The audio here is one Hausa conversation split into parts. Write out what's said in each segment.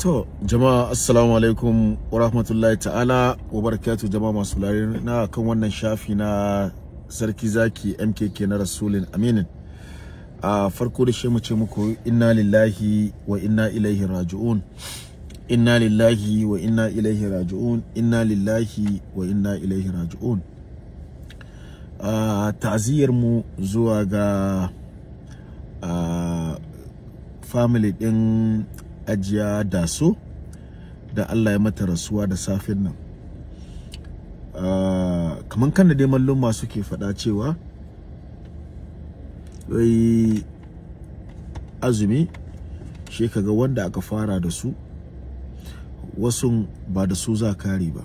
To jama'a assalamu alaikum wa rahmatullahi ta'ala wa barakatu jama'a masu larin na kan wannan shafi na sarki zaki MKK na rasulin aminin. A farko da mu ce muku inna lillahi wa inna ilaihi raji'un. Inna lillahi wa inna ilaihi raji'un. Inna lillahi wa inna ilaihi raji'un. A ta'aziyar mu zuwa ga family din ajiya da su da Allah ya mata rasuwa da safin nan uh, ah, kamar kan da dai mallon masu ke faɗa cewa wai azumi shi kaga wanda aka fara da su wasu ba da su za kare ba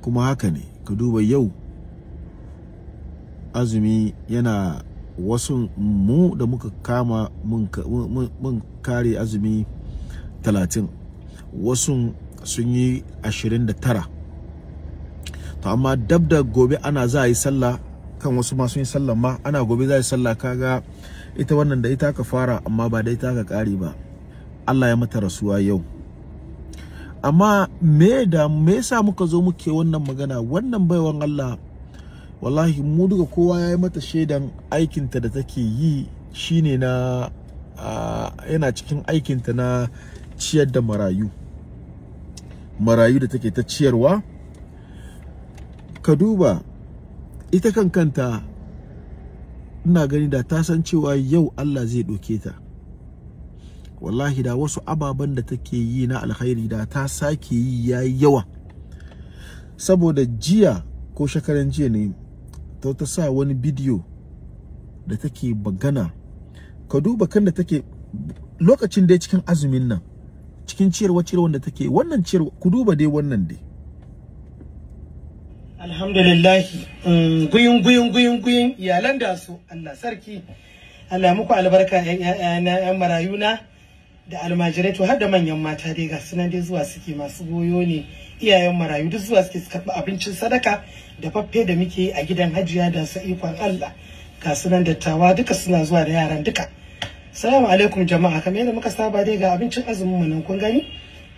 kuma haka ne ka duba yau azumi yana wasu mu da muka kama mun kare azumi talatin wasu sun yi ashirin da tara to amma dab da gobe ana za a yi sallah kan wasu ma sun yi sallah ma ana gobe za a yi sallah kaga ita wannan da ita ka fara amma ba da ita ka kare ba Allah ya mata rasuwa yau amma me da me yasa muka zo muke wannan magana wannan baiwan Allah wallahi mu duka kowa ya yi mata shaidan aikinta da take yi shine na yana cikin aikinta na ciyar da marayu marayu da take ta ciyarwa ka duba ita kan kanta ina gani da ta san cewa yau Allah zai ɗauke ta wallahi da wasu ababen da take yi na alkhairi da ta sake yi ya yawa saboda jiya ko shekaran jiya ne ta ta sa wani bidiyo da take bagana ka duba kan da take lokacin dai cikin azumin nan cikin ciyarwa ciyarwa da take wannan ciyarwa ku duba dai wannan dai alhamdulillah um, guyin guyin guyin guyin iyalan da su Allah sarki Allah muku albarka ƴan ƴaƴana marayuna da almajirai to har da manyan mata dai ga sunan dai zuwa suke masu goyo ne iyayen marayu duk zuwa suke karɓi abincin sadaka da faffe da muke a gidan hajiya da sa ikon Allah ga sunan dattawa duka suna zuwa da yaran duka salamu alaikum jama'a kamar yadda muka saba dai ga abincin azumin mu nan kun gani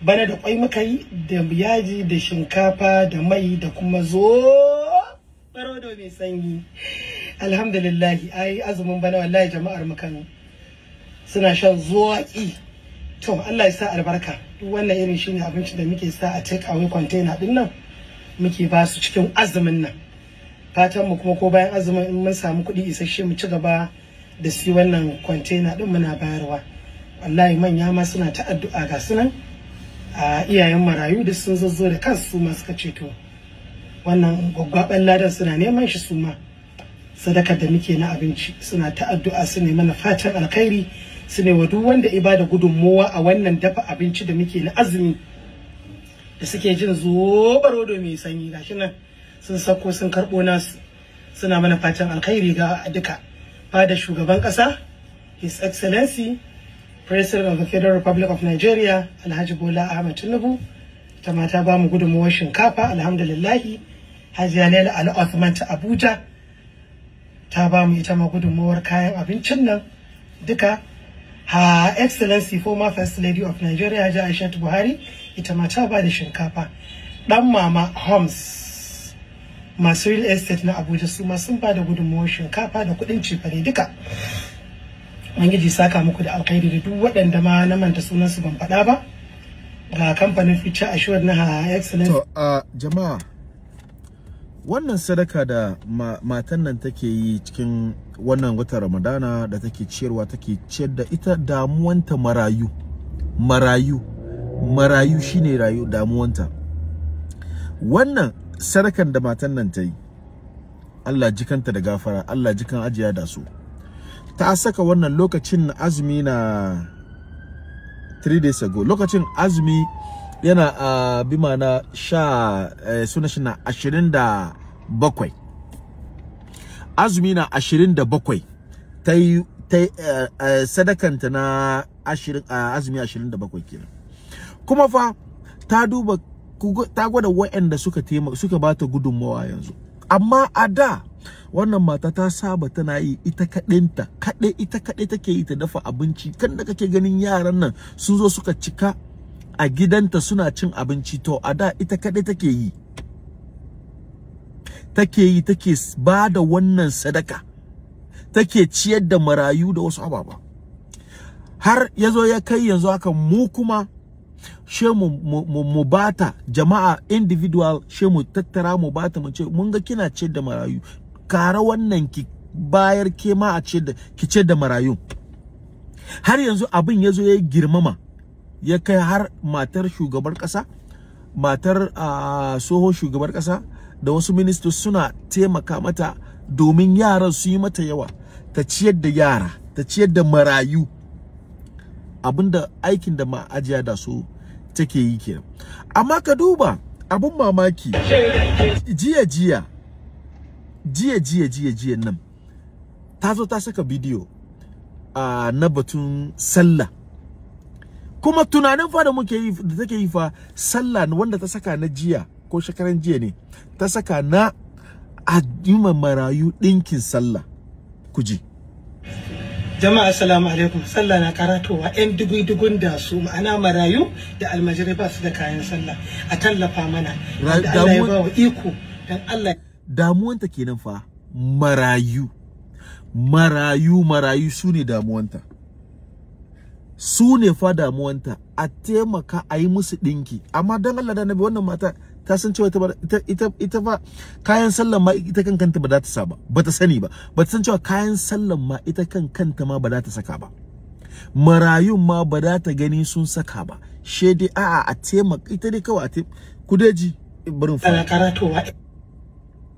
bana da kwai muka yi da yaji da shinkafa da mai da kuma zo barodo mai sanyi alhamdulillah ai azumin bana wallahi jama'ar mu kan suna shan zuwa to Allah ya sa albarka wannan irin shine abincin da muke sa a take away container din nan muke ba su cikin azumin nan fatan mu kuma ko bayan azumin in mun samu kuɗi isasshe mu ci gaba da su wannan container din muna bayarwa wallahi manya ma suna ta addu'a ga sunan a iyayen marayu da sun zazzo da kansu ma suka ceto wannan gwaggwaɓen ladan suna neman shi su ma sadakar da muke na abinci suna ta addu'a su ne mana fatan alkhairi su ne wa duk wanda ya da gudunmowa a wannan dafa abinci da muke na azumi da suke jin zobaro da mai sanyi gashi nan sun sako sun karɓo nasu suna mana fatan alkhairi ga duka fada shugaban kasa, his excellency president of the federal republic of nigeria alhaji bola ahmed tinubu ta mata ba mu gudunmowar shinkafa alhamdulillah. hajiya laila al othman ta abuja ta ba mu ita ma gudunmowar kayan abincin nan duka Her Excellency former First Lady of Nigeria Aja Aishatu Buhari ita mata ta bada shinkafa. Dan mama Homs masu real estate na Abuja su ma sun bada gudunmuwar shinkafa da kudin cefane duka. Ubangiji saka muku da alkhairi da duk waɗanda ma na manta sunansu ban faɗa ba. Ga kamfanin Future Assured na Her Excellency. To jama'a wannan sadaka da matan nan take yi cikin wannan wata ramadana da take ciyarwa take ciyar da ita damuwanta marayu marayu marayu shine rayu damuwanta wannan sadakan da matan nan ta yi Allah jikanta da gafara Allah jikan ajiya da su ta saka wannan lokacin azumi na 3 days ago lokacin azumi yana a bi na sha eh, suna shi na ashirin da bakwai azumi na ashirin da bakwai ta yi eh, eh, sadakanta na azumi ashirin da bakwai kenan kuma fa ta duba ta gwada wa'anda suka tema suka ba ta gudunmawa yanzu amma a da wannan mata ta saba tana yi ita kaɗinta kaɗai ita kaɗai take yi ta dafa abinci kan da kake ganin yaran nan sun zo suka cika a gidanta suna cin abinci to a da ita kaɗai take yi take yi take ba da wannan sadaka take ciyar da marayu da wasu ababa har ya zo ya kai yanzu haka mu kuma she mu, mu, mu, bata jama'a individual she mu tattara mu bata mu ce mun ga kina ciyar da marayu kara wannan ki bayar ke ma a ciyar da ki ciyar da marayu har yanzu abin ya zo ya girmama ya kai har matar shugabar ƙasa matar soho shugabar ƙasa da wasu ministos suna taimaka mata domin yaran su yi mata yawa ta ciyar da yara ta ciyar da marayu abinda aikin da ma'ajiya da su take yi ke. amma ka duba abin mamaki jiya jiya jiya jiya jiya jiya nan ta zo ta saka bidiyo na batun sallah kuma tunanin fa da muke yi da take yi fa sallah wanda ta saka na jiya ko shekaran jiya ne ta saka na adima marayu ɗinkin sallah ku ji jama'a assalamu alaikum sallah na karatowa yan dubu-dubun da su ma'ana marayu da almajiri ba su da kayan sallah a tallafa mana da Allah ya bawa iko dan Allah damuwanta kenan fa marayu marayu marayu su ne damuwanta su ne fa damuwanta a taimaka a yi musu ɗinki amma don Allah da nabi wannan mata ta san cewa ita ba kayan sallan ma ita kan kanta ba za ta sa ba ba ta sani ba ba ta san cewa kayan sallan ma ita kan kanta ma ba za ta saka ba marayun ma ba za ta gani sun saka ba she dai a a taimaka ita dai kawai a taimaka kudeji barin fa karatowa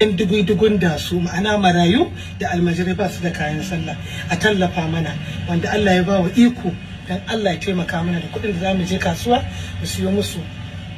yan dugudugun da su ma'ana marayu da almajirai ba su da kayan sallah a tallafa mana wanda Allah ya ba wa iko dan Allah ya taimaka mana da kuɗin da za mu je kasuwa mu siyo musu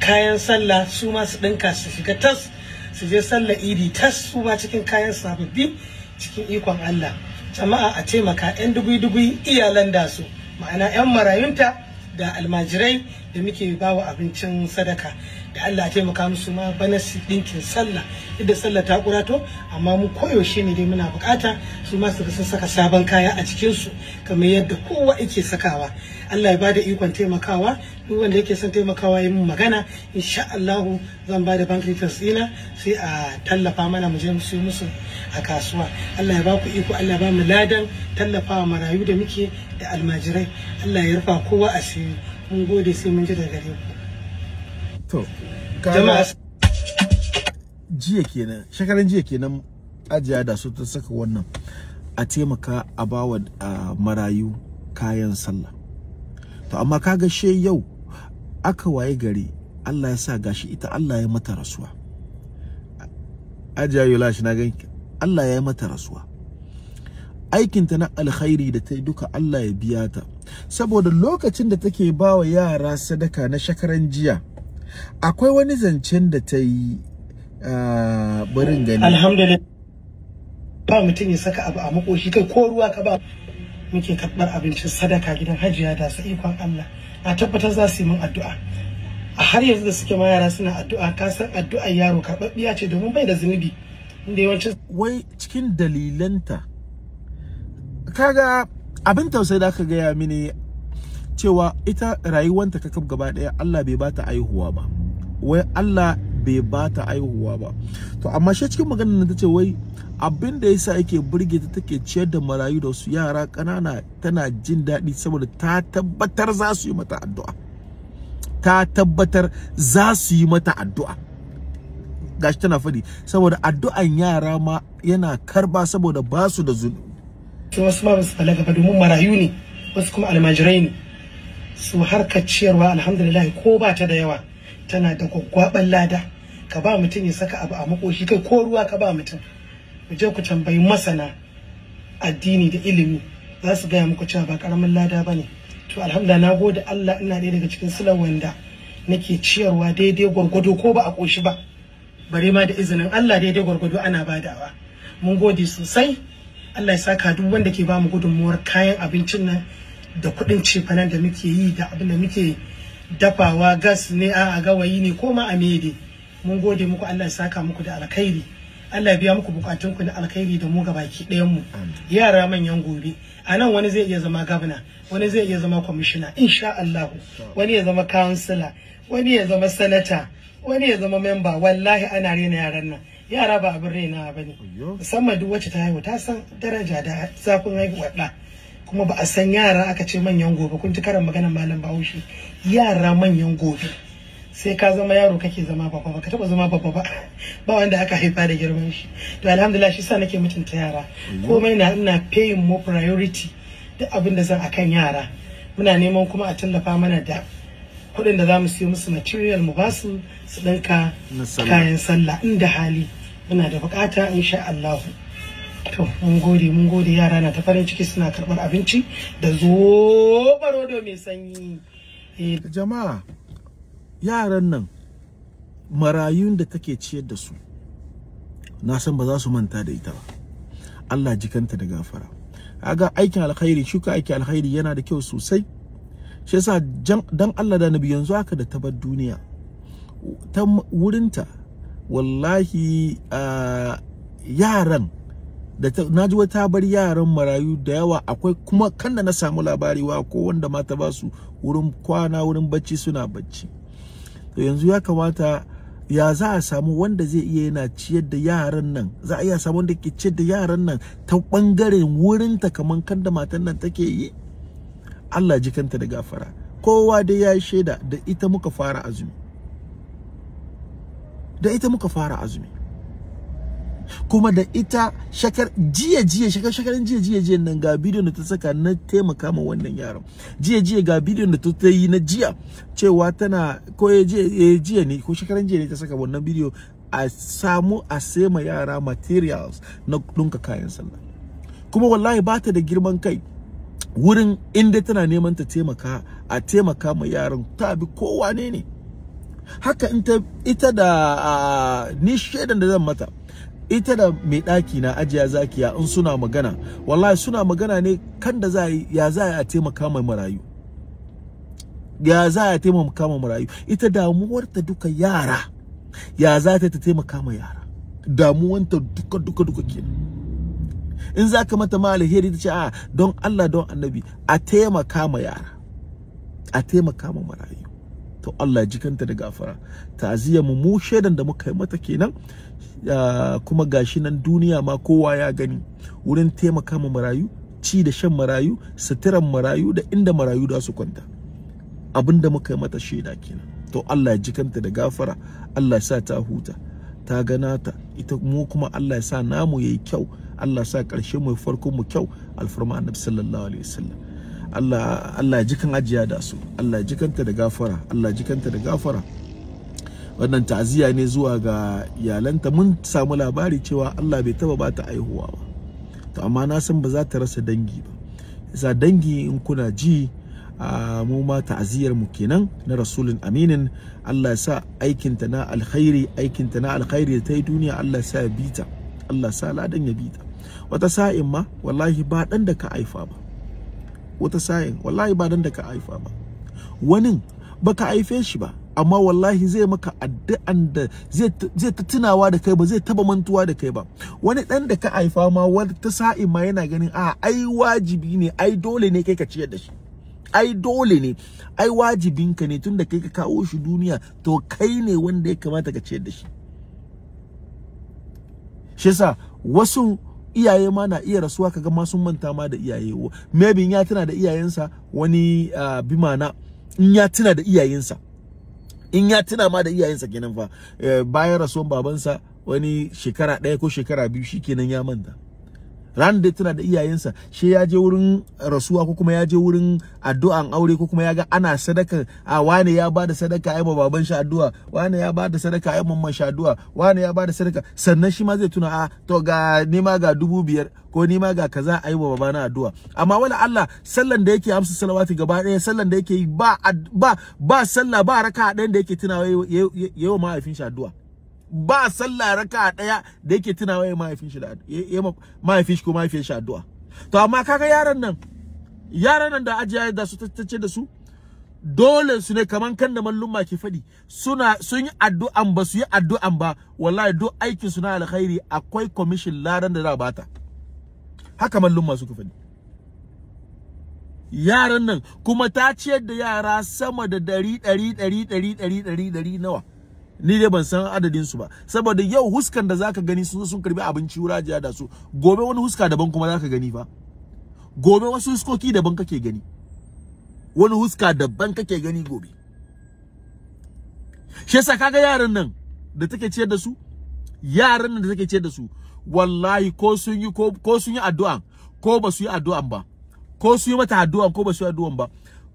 kayan sallah su ma su ɗinka su shiga tas su je sallah idi tas su ma cikin kayan sababbi cikin ikon Allah jama'a a taimaka 'yan dugui-dugui iyalan da su ma'ana 'yan marayunta da almajirai da muke bawa abincin sadaka da Allah ya taimaka musu ma bana su dinkin sallah yadda sallah ta kurato amma mu koyaushe ne dai muna bukata su ma su saka sabon kaya a cikinsu su kamar yadda kowa yake sakawa Allah ya bada ikon taimakawa duk wanda yake son taimakawa yi min magana insha Allah zan bada bank details dina sai a tallafa mana mu je mu siyo musu a kasuwa Allah ya ba ku iko Allah ya ba mu ladan tallafawa marayu da muke da almajirai Allah ya rufa kowa asiri mun gode sai mun ji da gare ku to jama'a jiya kenan shekaran jiya kenan ajiya da su ta saka wannan a taimaka a bawa marayu kayan sallah to amma kaga she yau aka waye gari Allah ya sa gashi ita Allah ya mata rasuwa ajiya yola shi na ganki Allah ya mata rasuwa aikinta na alkhairi da ta yi duka Allah ya biya ta saboda lokacin da take bawa yara sadaka na shakaran jiya akwai wani zancen da ta yi barin gani alhamdulillah ba mutum ya saka abu a makoshi kai ko ruwa ka ba muke karɓar abincin sadaka gidan hajiya da sa ikon Allah a tabbatar za su yi min addu'a a har yanzu da suke ma yara suna addu'a ka san addu'ar yaro karɓaɓɓiya ce domin bai da zunubi inda yawancin wai cikin dalilanta kaga abin tausayi da aka gaya mini cewa ita rayuwanta kakaf gaba ɗaya, Allah bai bata aihuwa ba wai Allah bai bata aihuwa ba to amma shi cikin maganar nan tace wai abin da yasa yake burge ta take ciyar da marayu da su yara kanana tana jin daɗi saboda ta tabbatar za su yi mata addu'a ta tabbatar za su yi mata addu'a gashi tana faɗi saboda addu'an yara ma yana karba saboda ba su da zunubi wasu ma ba su domin marayu ne wasu kuma almajirai ne su harkar ciyarwa alhamdulillah ko ba ta da yawa tana da gwaggwaban lada ka ba mutum ya saka abu a makoshi kai ko ruwa ka ba mutum mu je ku tambayi masana addini da ilimi za su gaya muku cewa ba karamin lada ba ne to alhamdulillah na gode Allah ina ɗaya daga cikin sulan wanda nake ciyarwa daidai gwargwado ko ba a koshi ba bare ma da izinin Allah daidai gwargwado ana badawa mun gode sosai Allah ya saka duk wanda ke ba mu gudunmuwar kayan abincin nan da kuɗin cefanen da muke yi da abin da muke dafawa gas ne a gawayi ne ko ma a mede mun gode muku Allah ya saka muku da alkhairi Allah ya biya muku bukatunku da alkhairi da mu gabaki ɗayan mu yara manyan gobe a nan wani zai iya zama gabna wani zai iya zama kwamishina insha Allah wani ya zama kansila wani ya zama sanata wani ya zama memba wallahi ana rena yaran nan yara ba abin rena ba ne musamman duk wacce ta haihu ta san daraja da zafin haihuwar ɗa kuma ba a san yara aka ce manyan gobe kun ci karin maganar malam bahaushe yara manyan gobe sai ka zama yaro kake zama babba ba ka taba zama babba ba ba wanda aka haifa da girman shi to alhamdulillah shi sa nake mutunta yara komai na ina paying more priority duk abin da zan akan yara muna neman kuma a tallafa mana da kuɗin da za mu siyo musu material mu ba su su ɗinka kayan sallah inda hali muna da bukata insha Allah to mun gode mun gode yara na ta farin ciki suna karɓar abinci da zobaro mai sanyi eh, jama'a yaran nan marayun da kake ciyar da su na san ba za su manta da ita ba Allah jikanta da gafara kaga aikin alkhairi shuka aikin alkhairi yana da kyau sosai shi yasa dan Allah da nabi yanzu haka da ta bar duniya ta wurinta wallahi ah, yaran da na ji wata bar yaran marayu da yawa akwai kuma kan da na samu labari wa ko wanda mata ba su wurin kwana wurin bacci suna bacci to yanzu ya kamata ya za a samu wanda zai iya yana ciyar da yaran nan za a iya samu wanda ke ciyar da yaran nan ta bangaren wurin ta kaman kan da matan nan take yi Allah ji kanta da gafara kowa dai ya shaida da ita muka fara azumi da ita muka fara azumi kuma da ita shakar jiya jiya shakar shakar jiya jiya jiya nan ga bidiyon da ta saka na taimaka ma wannan yaron jiya jiya ga bidiyon da ta yi na jiya cewa tana ko ya jiya ne ko shakar jiya ne ta saka wannan bidiyo a samu a sema yara materials na dunka kayan sallah kuma wallahi ba ta da girman kai wurin inda tana neman ta taimaka a taimaka ma yaran ta bi kowa ne ne haka ita da ni shaidan da zan mata ita da mai ɗaki na ajiya zakiya in suna magana wallahi suna magana ne kan da za ya za a taimaka mai marayu ya za a taimaka mai marayu ita damuwarta duka yara ya za ta taimaka mai yara damuwanta duka duka duka kenan in za ka mata ma alheri ta ce a don Allah don annabi a taimaka ma yara a taimaka ma marayu to Allah jikanta da gafara ta mu mu shaidan da muka yi mata kenan kuma gashi nan duniya ma kowa ya gani wurin taimaka ma marayu ci da shan marayu suturan marayu da inda marayu da su kwanta Abinda muka yi mata shaida kenan to Allah ya jikanta da gafara Allah ya sa ta huta ta gana ita mu kuma Allah ya sa namu yayi kyau Allah ya sa ƙarshen mu farkon mu kyau alfarma annabi sallallahu alaihi wasallam Allah Allah ya jikan ajiya da su Allah ya jikanta da gafara Allah ya jikanta da gafara wannan ta'aziyya ne zuwa ga iyalanta mun samu labari cewa Allah bai taba bata aihuwa ba to amma na san ba za ta rasa dangi ba yasa dangi in kuna ji a mu ma ta'aziyar mu kenan na rasulun aminin Allah ya sa aikin ta na alkhairi aikin ta na alkhairi ta yi duniya Allah ya sa ya bita Allah ya sa ladan ya bita wata sa'in ma wallahi ba dan da ka aifa ba wata sa'in wallahi ba dan da ka aifa ba wani baka aife shi ba amma wallahi zai maka addu'an da zai ta tunawa da kai ba zai taba mantuwa da kai ba wani dan da ka haifa ma wani ta sa'in ma yana ganin a ai wajibi ne ai dole ne kai ka ciyar da shi ai dole ne ai wajibin ka ne tunda kai ka kawo shi duniya to kai ne wanda ya kamata ka ciyar da shi shi yasa wasu iyaye ma na iya rasuwa kaga ma sun manta ma da iyaye maybe ya tana da iyayensa wani uh, ah, bimana in ya tuna da iyayensa in ya tuna ma da iyayensa kenan fa eh, bayan rasuwan babansa wani shekara ɗaya ko shekara biyu kenan ya manta Ran da tana da iyayensa shi ya je wurin rasuwa ko kuma ya je wurin addu'an aure ko kuma ya ga ana sadaka a wane ya bada sadaka ai baban shi addu'a wane ya bada sadaka ai mamman shi addu'a wane ya bada sadaka sannan shi ma zai tuna a to ga nima ga dubu biyar ko nima ga kaza ai wa babana addu'a amma wala Allah sallan da yake amsa salawati gaba ɗaya sallan da yake ba ba ba sallah ba raka ɗayan da yake tunawa yayi wa mahaifin shi addu'a ba sallah raka daya da yake tunawa ya mahaifin shi da mahaifin shi ko mahaifin shi addu'a to amma kaga yaran nan yaran nan da ajiya da su tattace da su dole su ne kaman kan da mallum'a ke fadi suna sun yi addu'an ba su yi addu'an ba wallahi duk aikin su na alkhairi akwai commission laran da za bata haka mallumma suka fadi yaran nan kuma ta ciyar da yara sama da dari dari dari dari dari dari nawa ni dai ban san adadin su ba saboda yau huskan da zaka gani sun sun karbi abinci jiya da su gobe wani huska daban kuma zaka gani fa gobe wasu huskoki daban kake gani wani huska daban kake gani gobe shi yasa kaga yaran nan da take ciyar da su yaran nan da take ciyar da su wallahi ko sun yi ko sun yi addu'a ko ba su yi addu'an ba ko su yi mata addu'an ko ba su yi addu'an ba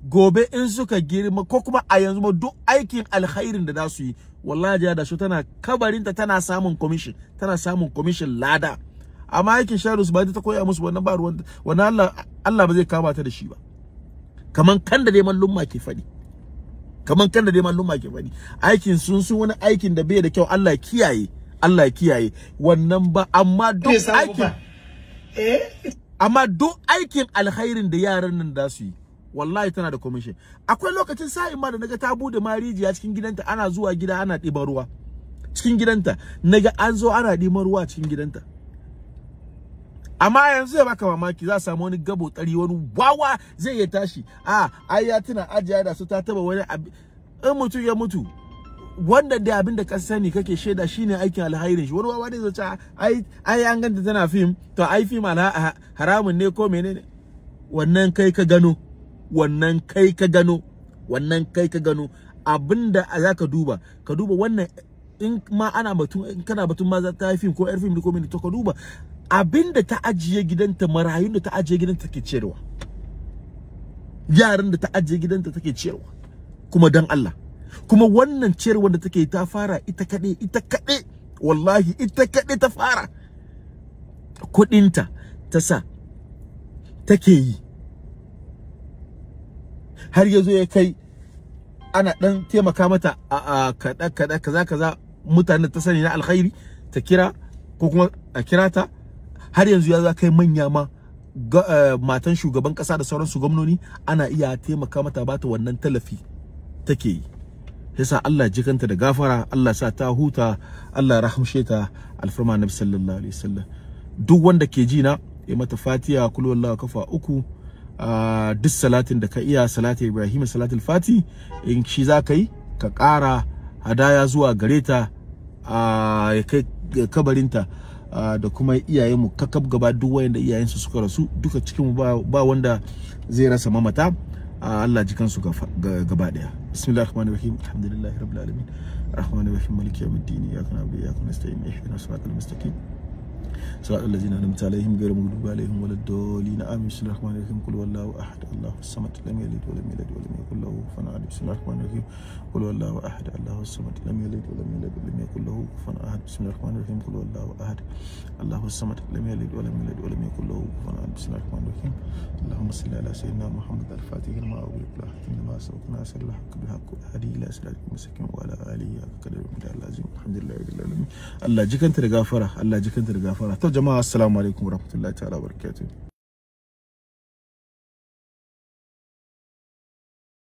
gobe in suka girma ko kuma a yanzu ma duk aikin alkhairin da za su yi wallahi jiya da su tana kabarinta tana samun commission tana samun commission lada amma aikin sharus ba ta koya musu wannan ba ruwan wannan Allah Allah ba zai kama ta da shi ba kaman kan da dai mallumma ke fadi kaman kan da dai mallumma ke fadi aikin sun sun wani aikin da bai da kyau Allah kiyaye Allah kiyaye wannan ba amma duk aikin eh amma duk aikin alkhairin da yaran nan da su yi wallahi tana da commission akwai lokacin sa'in ma da naga ta bude marijiya cikin gidanta ana zuwa gida ana diba ruwa cikin gidanta naga an zo ana ɗiban ruwa cikin gidanta amma yanzu ya baka mamaki za a samu wani gabo tsari wani wawa zai iya tashi a ai ya tuna ajiya da su ta taba wani in mutu ya mutu wanda da abin da ka sani kake shaida shine aikin alhairin shi wani wawa ne zai ce ai ai an ganta tana fim to ai fim haramun ne ko menene wannan kai ka gano wannan kai ka gano wannan kai ka gano abinda za ka duba ka duba wannan in ma ana batun in kana batun ma za ta yi fim ko yar fim ko mini to ka duba abinda ta ajiye gidanta marayun da ta ajiye gidanta take ciyarwa yaran da ta ajiye gidanta take ciyarwa kuma dan Allah kuma wannan ciyarwa da take ta fara ita kaɗe, ita kaɗe, wallahi ita kaɗe ta fara kuɗinta ta sa take yi har ya zo ya kai ana ɗan taimaka mata a kada kada kaza kaza mutane ta sani na alkhairi ta kira ko kuma a kira ta har yanzu ya za kai manya ma eh, matan shugaban ƙasa da sauransu gwamnoni ana iya taimaka mata ba ta wannan talafi take yi yasa Allah jikanta da gafara Allah sa ta huta Allah rahamshe ta alfarma nabi sallallahu alaihi wasallam duk wanda ke ji na ya mata Fatiya kullu wallahu kafa uku Ah, duk salatin da ka iya salatin ibrahim Salatin fati in shi za ka yi ka ƙara hadaya zuwa gare ta ah, ya kai kabarinta ah, da kuma iyayenmu kakab gaba duk wayanda iyayensu suka rasu duka cikin ba, ba wanda zai rasa mamata Allah jikan su gaba daya bismillahir rahmanir rahim alhamdulillahi rabbil alamin arrahmanir rahim maliki yawmiddin iyyaka na'budu wa iyyaka nasta'in ihdinas siratal mustaqim صراط الذين أنعمت عليهم غير المغضوب عليهم ولا الضالين آمين بسم الله الرحمن الرحيم قل والله أحد الله الصمد لم يلد ولم يولد ولم يكن له كفوا أحد بسم الله الرحمن الرحيم قل والله أحد الله الصمد لم يلد ولم يولد ولم يكن له كفوا أحد بسم الله الرحمن الرحيم قل والله أحد الله الصمد لم يلد ولم يولد ولم يكن له كفوا أحد بسم الله الرحمن الرحيم اللهم صل على سيدنا محمد الفاتح لما أغلق الأحكام لما سبق ناصر الحق بالحق والهدي إلى صراطك المستقيم وعلى آله حق قدر الحمد لله رب العالمين الله جكنت رغفرة الله جكنت رغفرة Allah to jama'a assalamu alaikum warahmatullahi ta'ala barakatuh